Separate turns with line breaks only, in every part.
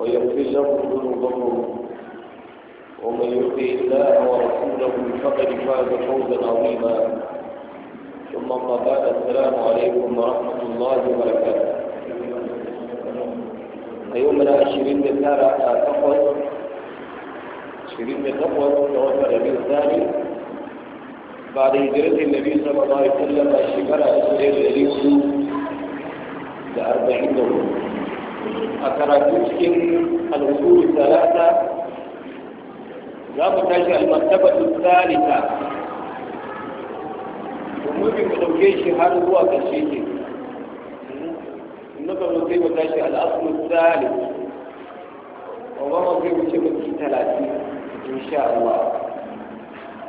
ويغفر لهم ذنوبهم ومن يطع الله ورسوله فقد فاز فوزا عظيما ثم اما بعد السلام عليكم ورحمه الله وبركاته
يومنا 20 تسعة
تقوى 20 تقوى توفى النبي الثاني بعد هجرة النبي صلى الله عليه وسلم شكرا أسئلة الأليس لأربعين دولار أكراتو شكين الوصول الثلاثة زام تاشي المرتبة الثالثة وممكن تلوكي شهر هو كالشيكي النظر نصيب تاشي الأصل الثالث وما نصيب شبكي ثلاثين إن شاء الله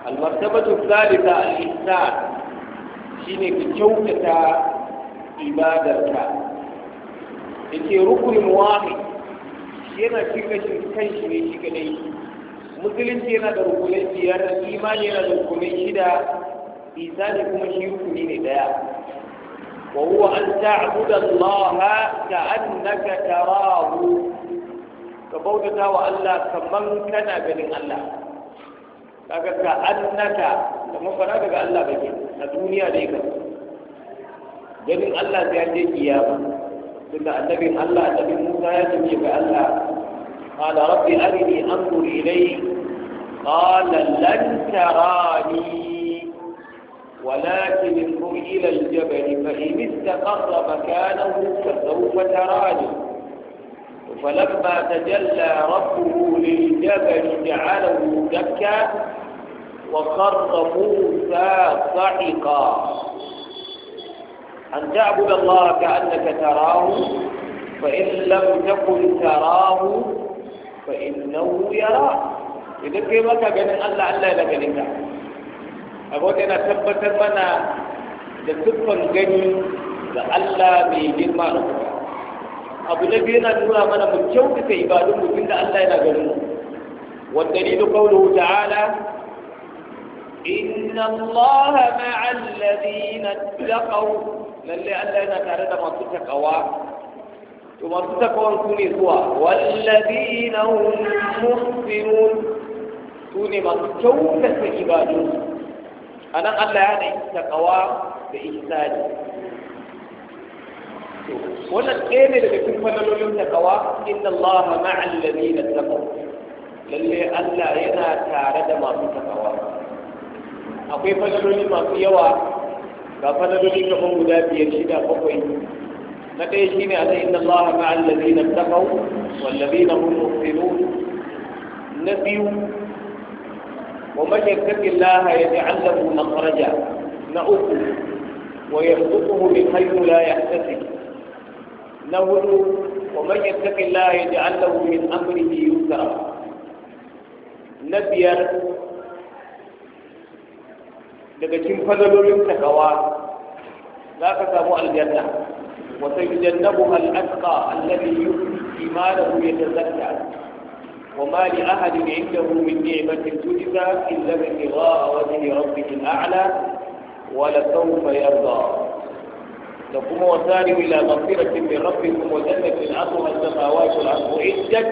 المرتبة الثالثة الإحسان شينك كتوكتا عبادتك yake rukunin wahi. yana cin gashin shi ne shi kadai musulunci yana da rukunai biyar imani yana da rukunai shida isani kuma shi rukuni ne daya wa huwa an ta'budu Allah ka annaka tarahu ka bautata wa Allah kaman kana ganin Allah kaga ka annaka kamar fara daga Allah bake a duniya dai ka ganin Allah sai an je kiyama ثم النبي قال النبي موسى يجب يقال لا قال ربي أرني أنظر إليه قال لن تراني ولكن انظر إلى الجبل فإن استقر مكانه فسوف تراني فلما تجلى ربه للجبل جعله دكا وخر موسى صعقا أن تعبد الله كأنك تراه فإن لم تكن تراه فإنه يراك إذا كيف كان الله ألا لك لك أقول أنا ثبت منا لتبقى الجن لألا بيجن ما أبو نبي نقول منا من جوك في إبادة من جن ألا لك والدليل قوله تعالى إن الله مع الذين اتقوا لان ألا نتعرض ثم كوني هو والذين هم محسنون كوني ما في عبادون أنا ألا يعني اتقوا بإحسان وانا ɗaya اللي daga لهم falalolin إن الله مع الذين ladina للي ألا Allah yana ما da akwai fasiloli masu yawa ga fasiloli falaloli kuma guda biyar shida bakwai na ɗaya shi ne ala inna Allah ma allazi na takau wallabi na hum muhsinun na biyu wa man yattaqi Allah yaj'al an makhraja na faraja na uku wa yarzuquhu min haythu la tafi na hudu wa mashi yattaqi Allah yaj'al lahu min amrihi yusra na biyar daga cikin fadalolin takawa za ka samu aljanna wa sayyidannahu al-asqa alladhi yu'ti malahu yatazakka wa ma li ahadin 'indahu min ni'matin tujza illa bi wa bi rabbih al-a'la wa la sawfa yarda da kuma wasari ila maghfiratin min rabbikum wa jannatin 'arduha as-samawati wal-ardu 'iddat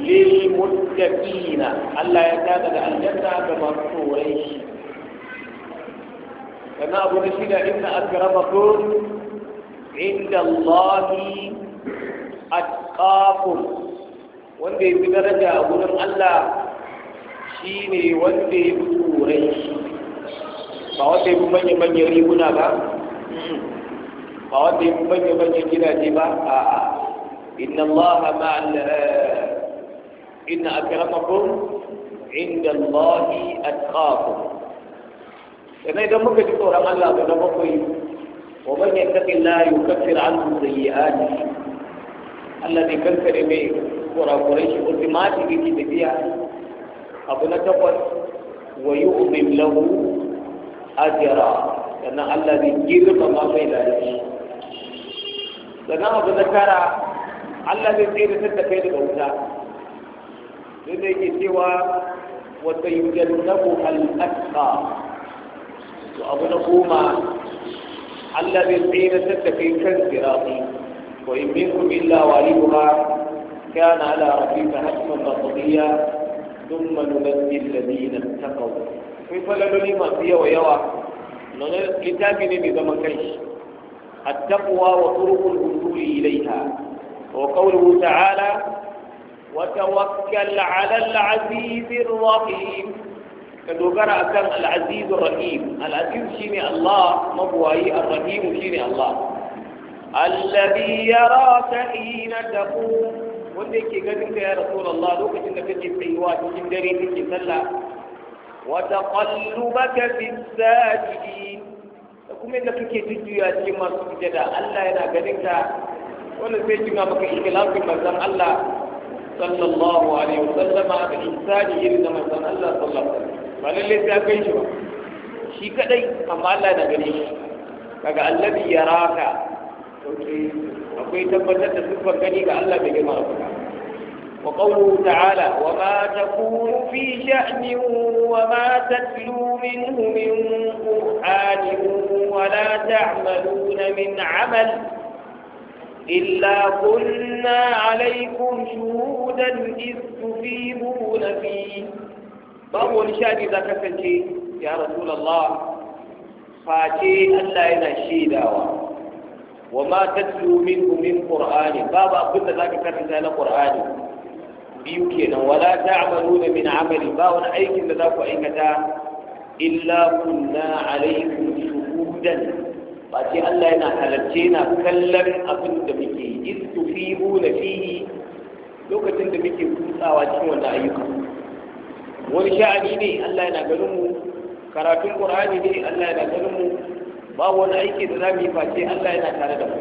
للمتقين الله يكاد الجنة كما توريه sannan abu na shida inna akramakum inda Allahi atqakum wanda ya fi daraja a gurin Allah shi ne wanda ya fi turai ba wanda ya fi manya-manyan riguna ba ba wanda ya fi manya-manyan gidaje ba a a inna Allah ma eh, inna akramakum inda Allah atqakum sannan idan muka ji tsoron Allah ga na bakwai wa man yattaqi Allah da yi sayyi'atihi Allah ne zai kankare mai kurakurai shi wasu mati da ke tafiya abu na takwas wa yu'min lahu ajra sannan Allah ne zai girmama mai lalaci
sannan abu na tara
Allah zai tsere da kai daga wuta sai da yake cewa wa sayyidallahu al-atqa وأبن قوما على بالحين تتكي كنت راضي وإن منكم إلا والدها كان على ربيك حتما مقضيا ثم ننجي الذين اتقوا كيف لنا لما فيه ويوا كتابنا بزمن كيش التقوى وطرق الوصول إليها وقوله تعالى وتوكل على العزيز الرحيم ka dogara akan al-aziz rahim al shi ne Allah mabwayi ar-rahim ne Allah alladhi yaraka hina taqum wanda yake ganin ka ya rasulullah lokacin da kake tsayuwa cikin dare kake sallah wa taqallubaka fi sajidin da kuma inda kake jujjuya cikin masu sujada Allah yana ganin ka wannan sai kima maka ikhlasin manzon Allah صلى الله عليه وسلم بإحسان إلى ما سن الله صلى الله عليه وسلم فلن ليس أكيش شيء شي كدي أما الله نغريش فقال الذي يراك أكوي تبتت سفر كني كالله بجمع ربك وقوله تعالى وما تكون في شأن وما تتلو منه من قرآن ولا تعملون من عمل إلا كنا عليكم شهودا إذ تفيضون فيه babu wani shaɗi za ka kasance ya rasulallah face Allah yana shaidawa wa ma tatlu minhu babu abinda da zaka na qur'ani biyu kenan wala ta'maluna min amali ba wani aikin da za ku aikata illa kunna alaykum shuhudan ba ce Allah yana halarce na kallon abin da muke istu fi na fihi lokacin da muke kutsawa cikin wannan ayyuka wani sha'ani ne Allah yana ganin mu karatun Qur'ani ne Allah yana ganin mu ba wani aiki da zamu yi face Allah yana tare da mu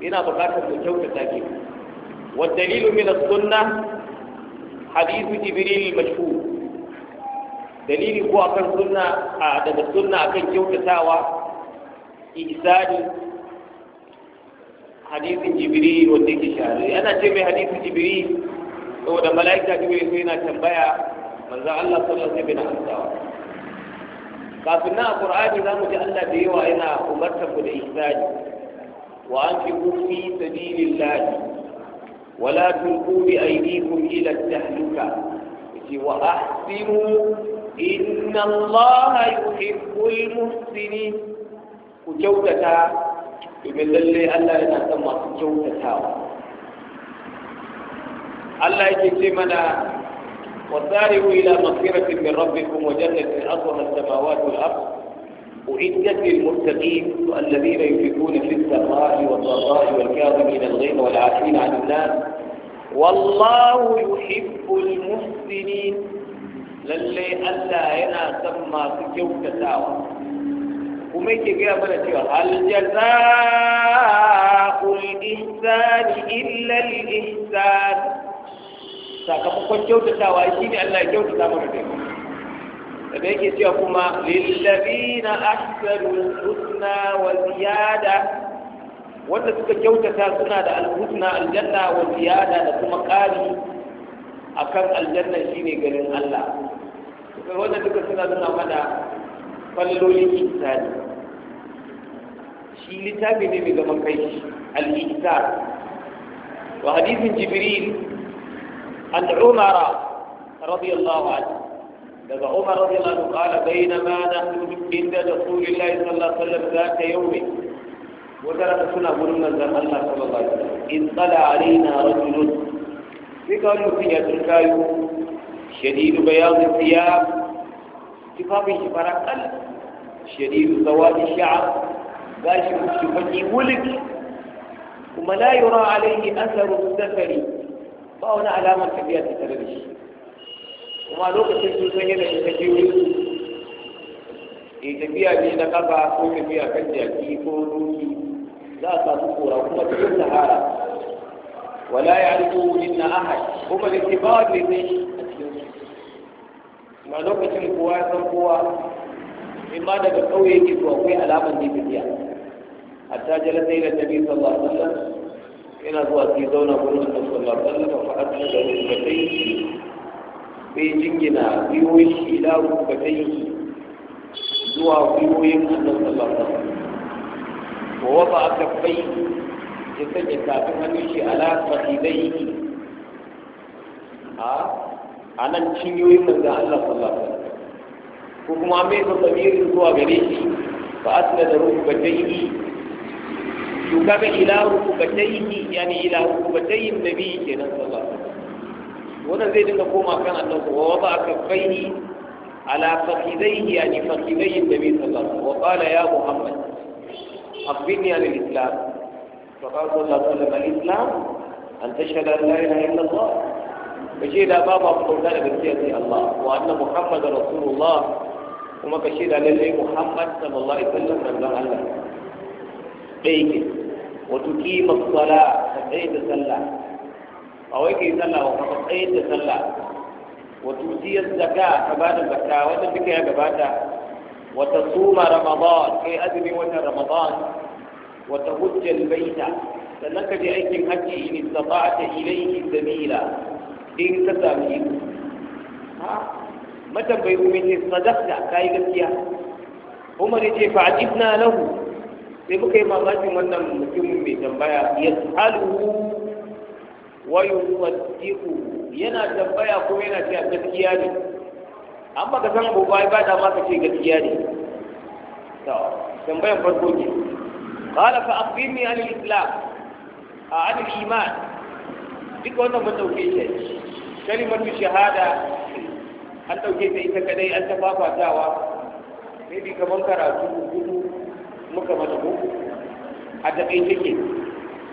ina buƙatar mu kyautata ke wa dalilu min as-sunnah hadithu jibril mashhur dalili ko akan sunna daga sunna akan kyautatawa ihsani hadisin jibiri wanda yake shahara yana ce mai hadisin jibril saboda mala'ika jibril sai yana tambaya manzon Allah sallallahu alaihi wasallam kafin na qur'ani za mu ji Allah da yawa yana umarta ku da ihsani wa anfiqu fi sabilillah ولا تلقوا بأيديكم إلى التهلكة وأحسنوا إن الله يحب المحسنين
ku kyautata
domin lalle Allah yana son masu kyautatawa Allah yake وسارعوا إلى مغفرة من ربكم وجنة أرضها السماوات والأرض أعدت للمتقين الذين ينفقون في السراء والضراء والكاظمين الغيظ والعافين عن الناس والله يحب المحسنين للي ألا هنا سمى سكوت ساوى kuma yake gaya mana cewa hal jazaa'ul ihsani illa al ihsan sakamakon kyautatawa shine Allah ya kyautata mana da da yake cewa kuma lillazina ahsanul husna wa ziyada wanda suka kyautata suna da alhusna aljanna wa ziyada da kuma ƙari akan aljanna shine garin Allah wanda duka suna nuna mana fallolin insani shi littafi ne mai zaman kai al-ihsan wa hadithin jibril an umar radiyallahu anhu daga umar radiyallahu anhu qala bainama nahnu inda rasulillahi sallallahu alaihi wasallam zaka yawmi وترى سنة قول من ذا الله صلى الله عليه وسلم إن طلع علينا رجل في قالوا في الكايو شديد بياض الثياب شفافي شفرة قلب شديد سواد الشعر باشر الشفقي ولك وما لا يرى عليه أثر السفر فهنا علامة كبيرة تتلبش وما لوك تجيبين لك تجيبين إذا بيا بينا قبعة كنت بيا كنت يكيبون لا تذكر هم تجيب سهارة ولا يعرفوا إن أحد هم الاتفاق لديه ما لوك تجيبين قوة إما دا بتقوي يجيبوا قوي علامة دي بديا hatta jalar da nabi sallallahu alaihi wasallam yana zuwa sai zauna gurin annabi sallallahu alaihi wasallam fa adna da rubatai bai jingina biyoyi ila rubatai zuwa biyoyin annabi sallallahu alaihi wasallam wa wada kafai ya sanya tafin hannun shi ala fasidai a nan cinyoyin manzo Allah sallallahu alaihi wasallam ko kuma mai da zamirin zuwa gare shi fa asna da rubatai وكما إلى ركبتيه يعني إلى ركبتي النبي صلى الله عليه وسلم هنا زيد نقوم كان أنه ووضع كفيه على فخذيه يعني فخذي النبي صلى الله عليه وسلم وقال يا محمد أخبرني عن الإسلام فقال صلى الله عليه وسلم الإسلام أن تشهد أن لا إله إلا الله فشهد بابا قولنا بسيئة الله وأن محمد رسول الله وما كشهد عليه محمد صلى الله عليه وسلم من الله ɗaya wato kima sala ta tsaye da sallah a wai ke sallah wa ta tsaye da sallah wato jiyar ta ba da zaka wata duka ya gabata wata suma ramadan kai azumi wata ramadan wata hujjar baita sannan ka je aikin haji ne zaba ta ilaihi zamila in ka sami ha matan bai umin ne sadaqta kai gaskiya umar ya ce fa ajibna lahu sai muka yi mamaki wannan mutumin mai tambaya ya tsalu wayo wasiku yana tambaya ko yana cewa gaskiya ne an baka san gobe, ba ba da maka ce gaskiya ne to tambayan farko ne qala fa akhbirni an al-islam a an al-iman duka wannan ban dauke shi kalimatu shahada an dauke ta ita kadai an tafafatawa sai bi kaman karatu muka mata ko a takaice ke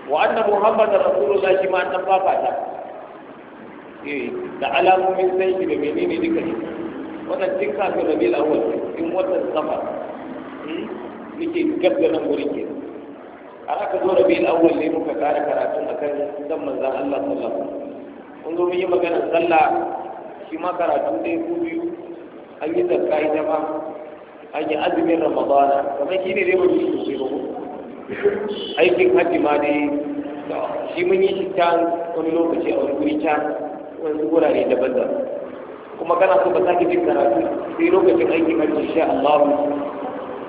wa anna muhammad rasulullah shi ma an ta eh da alamomin sai shi da menene duka ne wannan duk kafin rabiul awwal in watan safar nake hmm, gaggana wurin ke a ka zo rabiul awwal ne muka kare karatun akan dan manzon Allah sallallahu alaihi wasallam kun zo mun yi magana sallah shi ma karatu dai ku biyu an yi zakka ita ma an yi azumin ramadana kamar shi ne zai mutu shi ba aikin hajji ma dai shi mun yi shi can wani lokaci a wani guri can wani gurare daban da. kuma kana so ka sake bin karatu sai lokacin aikin hajji sha Allah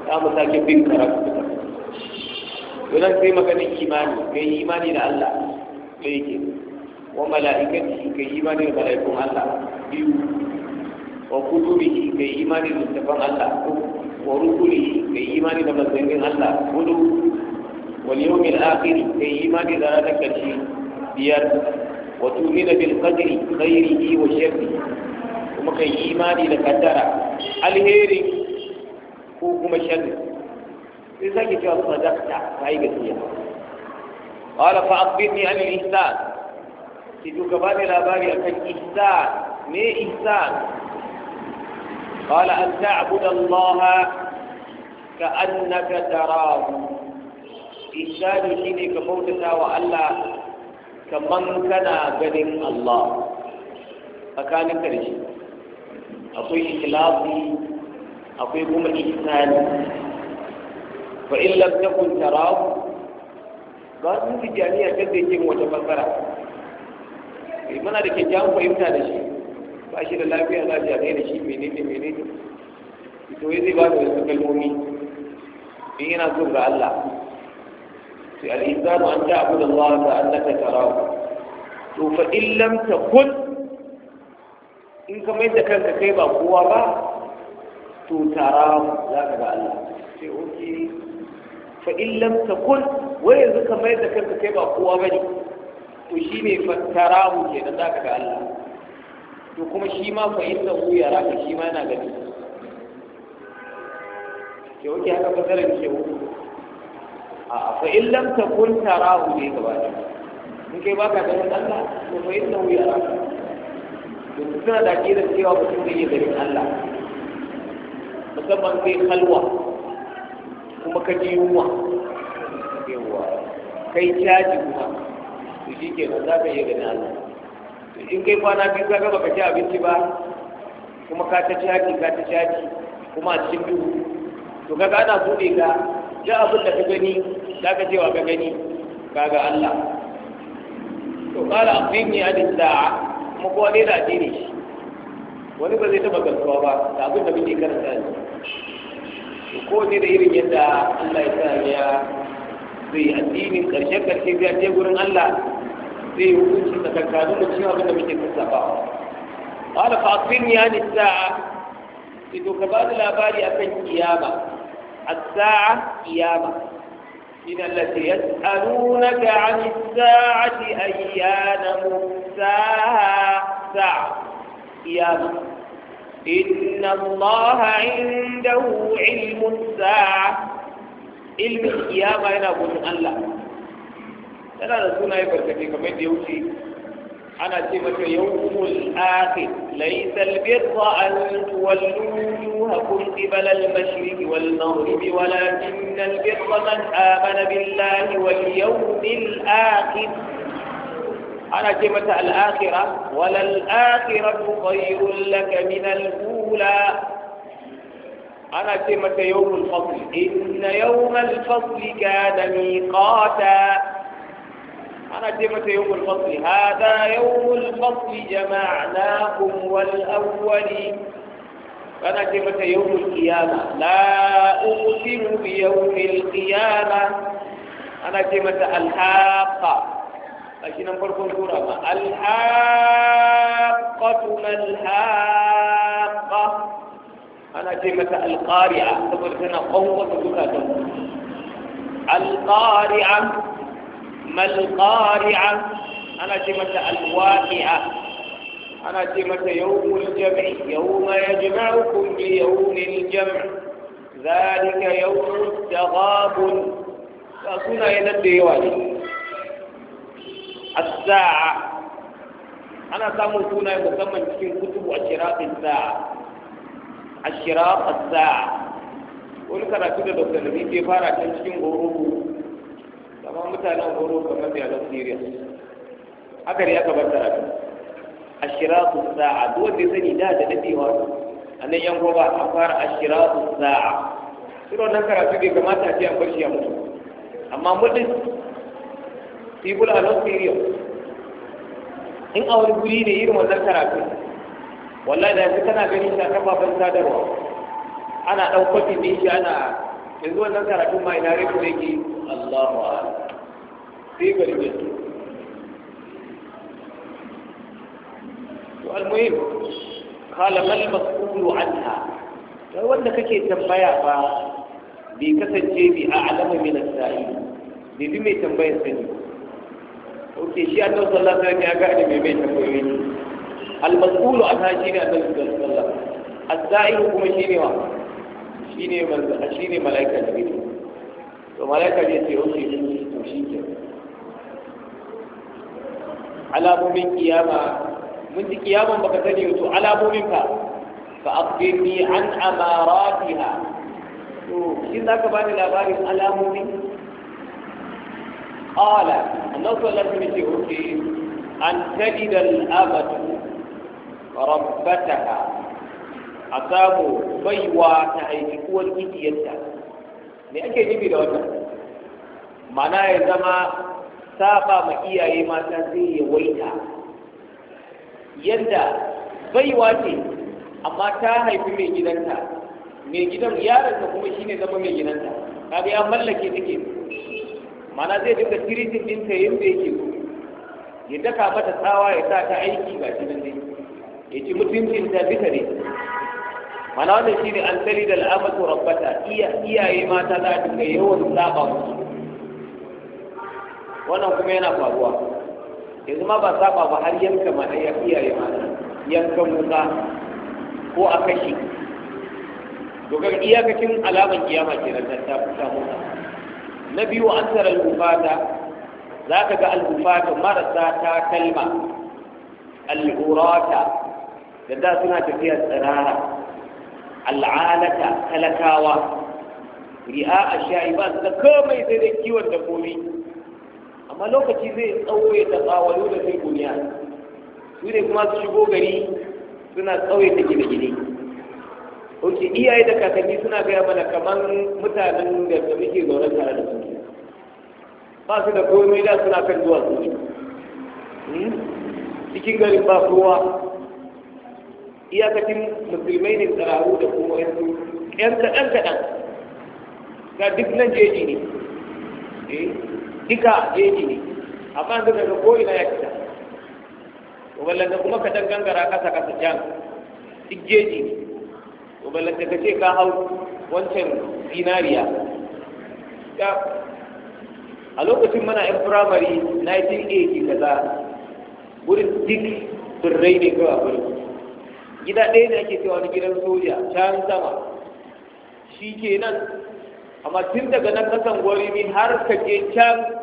za mu sake bin karatu wannan sai maganin imani kai imani da Allah da ke wa mala'ikati kai imani da mala'ikun Allah biyu wa kutubihi kai imani da tafan Allah uku ورسله بإيمان نبذين الله كلوا واليوم الآخر بإيمان ذلك الشيء بيار وتؤمن بالقدر خيره وشره وما كان إيمان لقدر الهير كوكما شر لذلك جاء صدقت فهي قصير قال فأخبرني عن الإحسان تجوك بعد الأباري أكد إحسان ما إحسان قال أن تعبد الله ka annaka tarahu ihsani shine ka bautata wa Allah kaman kana ganin Allah tsakanin shi akwai ikhlasi akwai kuma ihsani fa in lam takun tarahu ba su tijaniya ta zai yin wata fassara muna da kyakkyawan fahimta da shi ba shi da lafiya za a da shi menene menene to yi zai ba da wasu kalmomi in yana so ga Allah sai al-insanu an ta'budu Allah ka annaka tarahu to fa in lam takun in ka mai da kanka kai ba kowa ba to tarahu za ka ga Allah sai oke fa in lam takun wai yanzu ka mai da kanka kai ba kowa ba bane to shi shine fa tarahu kenan za ka ga Allah to kuma shi ma fa inna hu yaraka shi ma yana ganin. ke wuce haka fasarar ke wuce a fa in lam takun tarahu ne gaba da in kai baka ganin Allah to fa in lahu yara to suna da da cewa mutum zai yi garin Allah musamman kai halwa kuma ka ji yunwa yawa kai caji kuma to shi ke za ka iya gani Allah to in kai kwana biyu ka gaba ka ci abinci ba kuma ka ta caji ka ta caji kuma a cikin duhu to kaga ana buɗe ka duk abin da ka gani za ka cewa ka gani ka ga Allah to kala akhbirni an sa'a kuma kowa ne da addini shi wani ba zai taɓa gamsuwa ba da abin da muke karanta ne to kowace da irin yadda Allah ya sa ya zai addinin karshe karshe zai je gurin Allah zai hukunci tsakankanin da cikin abin da muke sassafa qala fa akhbirni ya nisa, to ka ba da labari a kan kiyama ساعه قيامة من التي يسألونك عن الساعة أيان مرساها ساعة قيامة إن الله عنده علم الساعة علم القيامة أنا أقول الله tana da sunaye barkatai kamar da ya أنا سمت يوم الآخر ليس البر أن تولوا وجوهكم قبل المشرك والمغرب ولكن البر من آمن بالله واليوم الآخر أنا سمت الآخرة وللآخرة خير لك من الأولى أنا سمت يوم الفصل إن يوم الفصل كان ميقاتا أنا كلمة يوم الفصل هذا يوم الفصل جمعناكم والأولين أنا كلمة يوم القيامة لا أقسم بيوم القيامة أنا كلمة الحاقة لكن نمبر كنتورة الحاقة ما الحاقة معنى كلمة القارعة تقول لنا قوة القارعة ما القارعة أنا جمة الواقعة أنا جمة يوم الجمع يوم يجمعكم ليوم الجمع ذلك يوم التغاب فأكون إلى الديوان الساعة أنا سامو هنا يسمى في كتب أشراق الساعة أشراق الساعة ولكن karatu da dr nabi ke fara mutanen goro kamar mutanen siriya haka ne aka bar karatu ashiratu sa'a duk wanda ya sani da da dadewa a nan yan goba a fara ashiratu sa'a shi wannan karatu bai kamata a ce an barci shi ya mutu amma mutum people bula a serious in a wani guri ne irin wannan karatu wallahi da yanzu kana ganin shi a kafafen sadarwa ana ɗaukwafi kwafi ne shi ana yanzu wannan karatu ma ina rai yake Allahu a'lam sai kala mal mas'ulu anha kai wanda kake tambaya ba bai kasance bi a alama min as-sa'i bi mai tambayar sani ok shi annabi sallallahu alaihi wasallam ya gane mai mai tambayoyi al-mas'ulu anha shine annabi sallallahu alaihi wasallam as-sa'i kuma shine wa shine shine malaika to malaika ne ce alamomin kiyama mun ji kiyaman baka sani wato alamomin ka fa akhbirni an amaratiha to shin zaka bani labarin alamomin qala annabi sallallahu alaihi wasallam ce an tajida al-abadu rabbataha a baywa ta aiki uwar kiyanta me ake nufi da wannan mana ya zama saba ma iyaye mata zai waita yadda baiwa ce amma ta haifi mai gidanta mai gidan yaronta kuma shine zama mai gidanta kaga ya mallake take mana zai dinga tiritin ɗinta yadda yake so ya daka mata tsawa ya sa ta aiki ga shi nan dai ya ci mutuncin ta bisa ne
mana wannan shine an
tsali da al'amatu rabbata iyaye mata za a dinga yawan saba musu wannan kuma yana faruwa yanzu ma ba saba ba har yanka ma ya iyaye ma yankan wuta ko a kashi dokar iyakacin alaman kiyama ke nan ta fita na biyu an tara za ka ga al marasa ta kalma da da suna tafiya tsirara al'alata talakawa ri'a a sha'i ba su da komai sai dai kiwon dabbobi amma lokaci zai tsawaye da tsawayo da zai duniya su ne kuma su shigo gari suna tsawaye da gine-gine oke iyaye da kakanni suna gaya mana kamar mutanen da su muke zaune tare da su ba su da komai da suna kan zuwa su hmm? cikin garin ba kowa iyakacin musulmai ne tsararru da kuma yanzu yan kaɗan kaɗan ga duk nan jeji ne eh? duka jeji ne amma yanzu daga ko'ina ya fita uballanta kuma ka dan gangara kasa kasa can duk jeji ne uballanta ka ce ka hau wancan zinariya a lokacin mana yan firamare 1980 kaza wurin duk birrai ne kawai a wurin gida ɗaya ne ake cewa wani gidan soja can sama shi ke nan amma tun daga nan kasan gwari har ka ke can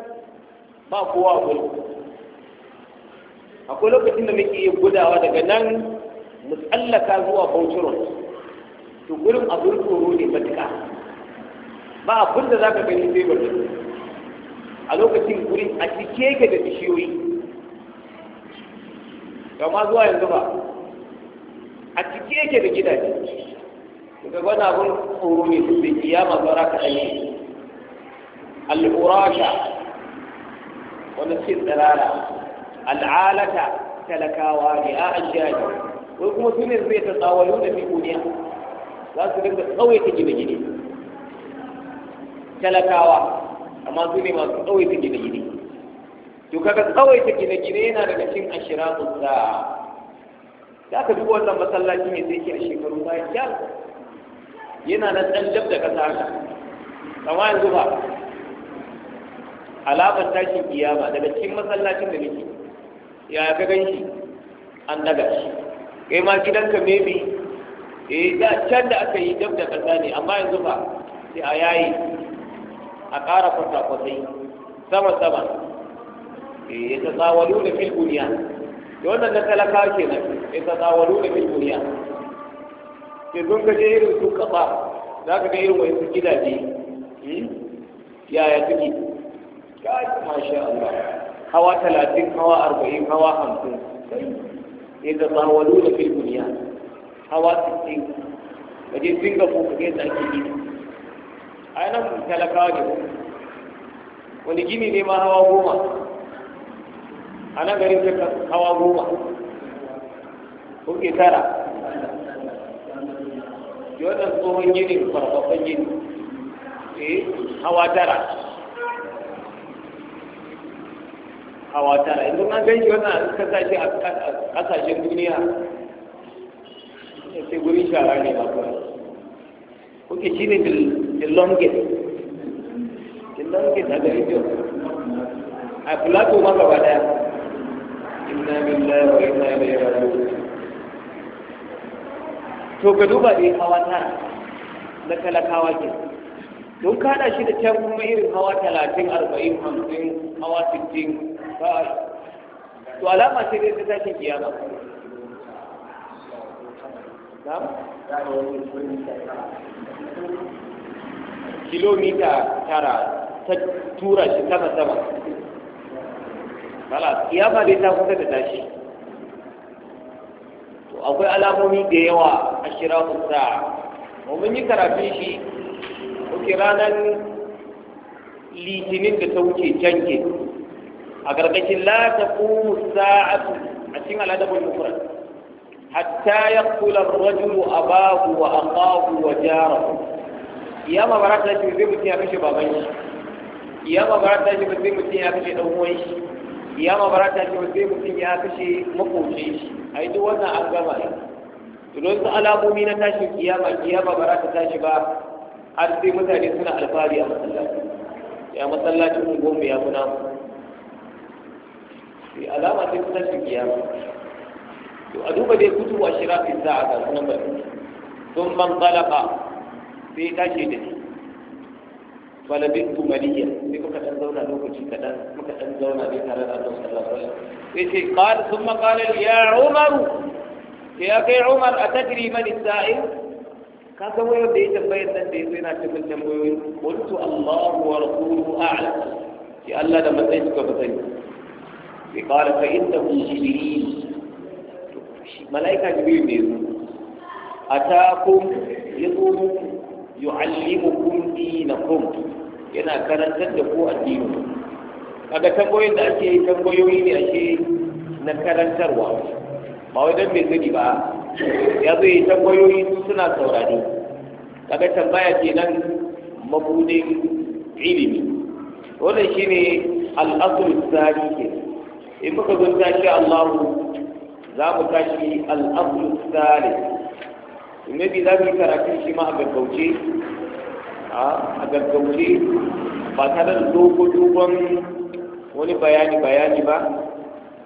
ba kowa a gurin akwai lokacin da muke iya gudawa daga nan mu tsallaka zuwa bauchiron to gurin a gurin tsoro ne matuka. ba abin da za ka gani sai bauchiron a lokacin gurin a cike yake da bishiyoyi kama zuwa yanzu ba a cike ka da gidaje daga wani abin tsoro ne su bai kiyama zaura ka ɗanye al'urasha Wani suke tsirara al'alata talakawa ne a jaji. wai kuma su ne zai ta tsawayo da mikuniya za su dinga tsawaita gina gine talakawa amma su ne masu tsawaita gina gine to kaga tsawaita gina gine yana daga cikin ashiratu sa za ka duk wannan masallaci ne sai ke kira shekaru bayan jan yana na tsallar da kasa haka amma yanzu ba alamar tashin kiyama daga cikin masallacin da nake ya ka gan shi an daga shi kai ma gidanka maybe eh da can da aka yi dab da kasa ne amma yanzu ba sai a yayi a ƙara kwasa-kwasai sama-sama eh ya ta tsawalu da fil duniya da wannan na talaka nan ya ta tsawalu da fil duniya yanzu ka je irin su kasa za ka ga irin wani gidaje hmm, yaya suke kai masha Allah hawa talatin hawa arba'in hawa hamsin yadda tsawalu da fil duniya hawa sittin waje singapore kaga da ake yi. a nan talakawa ne wani gini ne ma hawa goma a nan garin ta hawa goma kuke tara yi wannan tsohon gini farfafan gini eh hawa tara hawa tara idan an gan shi wannan ka sa a kasashen duniya sai guri shara ne ba kawai kuke shi ne the longest the longest a garin jo a plato ma gaba daya inna billahi wa inna ilaihi raji'un to ka duba dai hawa tara na talakawa ke don kada shi da can kuma irin hawa talatin arba'in hamsin hawa sittin fa'al to alama ce dai ta tashin kiyama nam
kilomita
tara ta tura shi sama sama kala kiyama dai ta kusa da tashi to akwai alamomi da yawa a shirakun sa'a mun yi karafi shi kuke ranar litinin da ta wuce canke أقرا لا تقوم الساعة أشين على أدب المفرد حتى يقتل الرجل أباه وأخاه وجاره يا ما برات لا تجيب بيتي أبيش بابي يا ما برات لا تجيب بيتي أبيش أموي يا ما برات لا تجيب بيتي أبيش مقوشي أي دو وزن أغلبها على مؤمن الناس يا ما يا ما برات لا تجيب أرضي مثالي سنة ألفاري يا مسلا يا مسلا تقوم بيا بنام في علامة يا القيامة وأدوب دي كتب في الساعة ثم انطلق في تشهد فلبثت مليا في مكة الزونة لوك جيكتا مكة الزونة في تارة الله صلى الله عليه وسلم قال ثم قال يا عمر يا أخي عمر أتدري من السائل كان سوى يبدأ يتبين تنتهي سينا شفل قلت الله ورسوله أعلم يا الله لما تنتهي sai kawai fa inda kun jibril mala'ika jibril ne zo a ta kun ya zo muku na dinakum yana karantar da ku addini kaga tambayoyin da ake yi tambayoyi ne ake na karantarwa ba wai dan bai gani ba ya zo yi tambayoyi suna saurari. kaga tambaya kenan mabudin ilimi wannan shine al-asl tsari ke in muka zo tashi Allahu za mu tashi al'abdu tsari nabi za mu yi karatun shi ma a gaggauce a gaggauce ba ta da dogo dogon wani bayani bayani ba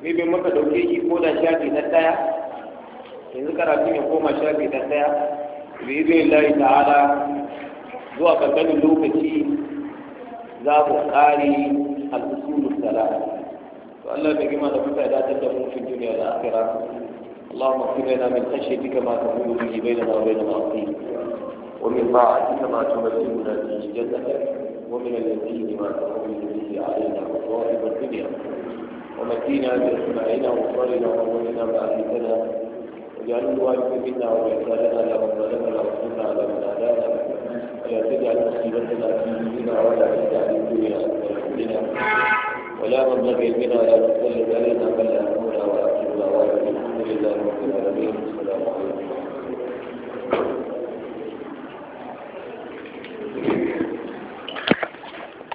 nabi muka dauke shi ko da shafi na daya yanzu karatun ya koma shafi na daya bi izinin lahi ta'ala zuwa kankanin lokaci za mu kare al'usulun salama Allah bai gima da kuka dace da اللهم اغفر لنا من خشيتك ما تقول به بيننا وبين معصيتك ومن طاعتك ما تبلغنا به جنتك ومن اليقين ما تقول به علينا مصائب الدنيا ومكينا باسماعنا وابصارنا وامورنا باهلتنا واجعل الوارث منا وبإحساننا لا مظلمنا لا وصلنا على من أدانا ولا تجعل مصيبتنا في ديننا ولا تجعل الدنيا في همنا ولا مبلغ علمنا لا تقل علينا بل لا حول ولا الحمد لله رب العالمين السلام عليكم